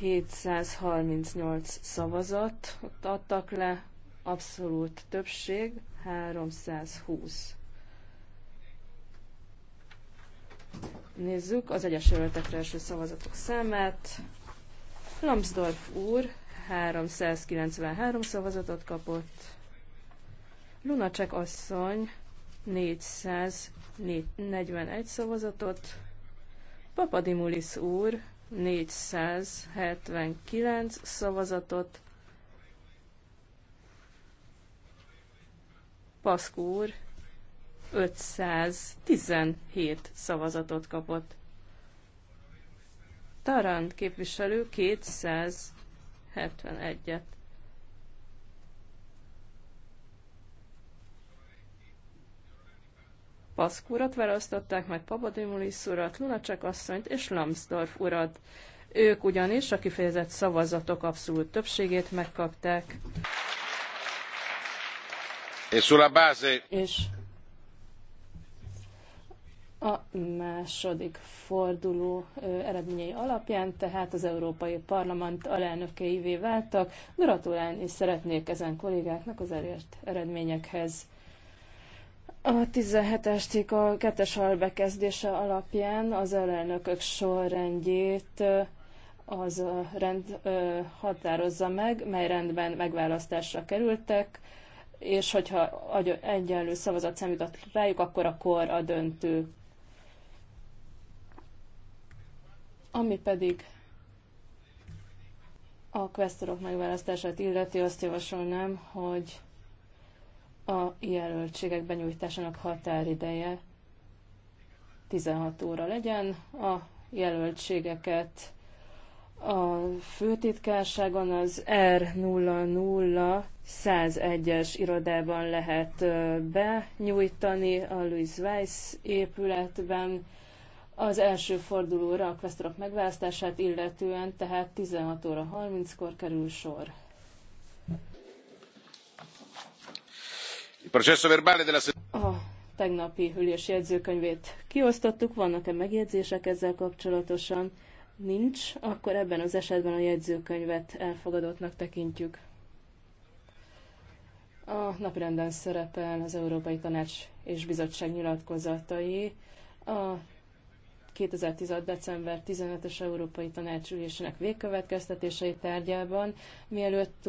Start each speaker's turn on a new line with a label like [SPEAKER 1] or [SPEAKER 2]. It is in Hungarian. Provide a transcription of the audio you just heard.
[SPEAKER 1] 738 szavazat adtak le, abszolút többség 320. Nézzük az egyesületekre első szavazatok számát. Lambsdorff úr 393 szavazatot kapott, Lunacek asszony 441 szavazatot, Papadimulis úr 479 szavazatot. Paszkúr 517 szavazatot kapott. Tarant képviselő 271-et. Paszkúrat választották meg Papadimulis urat, Lunacek asszonyt és Lambsdorff urat. Ők ugyanis a kifejezett szavazatok abszolút többségét megkapták. sulla base... És a második forduló eredményei alapján, tehát az Európai Parlament alelnökeivé váltak. Gratulálni szeretnék ezen kollégáknak az elért eredményekhez. A 17-es cikk a kettes halbekezdése alapján az elnökök sorrendjét az rend határozza meg, mely rendben megválasztásra kerültek, és hogyha egyenlő szavazat jutott rájuk, akkor a kor a döntő. Ami pedig a questorok megválasztását illeti, azt javasolnám, hogy a jelöltségek benyújtásának határideje 16 óra legyen. A jelöltségeket a főtitkárságon az R00101-es irodában lehet benyújtani a Louis Weiss épületben az első fordulóra a kvesztorok megválasztását illetően, tehát 16 óra 30-kor kerül sor. A tegnapi ülés jegyzőkönyvét kiosztottuk, vannak-e megjegyzések ezzel kapcsolatosan? Nincs, akkor ebben az esetben a jegyzőkönyvet elfogadottnak tekintjük. A napirenden szerepel az Európai Tanács és Bizottság nyilatkozatai. A 2010. december 15 es Európai Tanács ülésének végkövetkeztetései tárgyában, mielőtt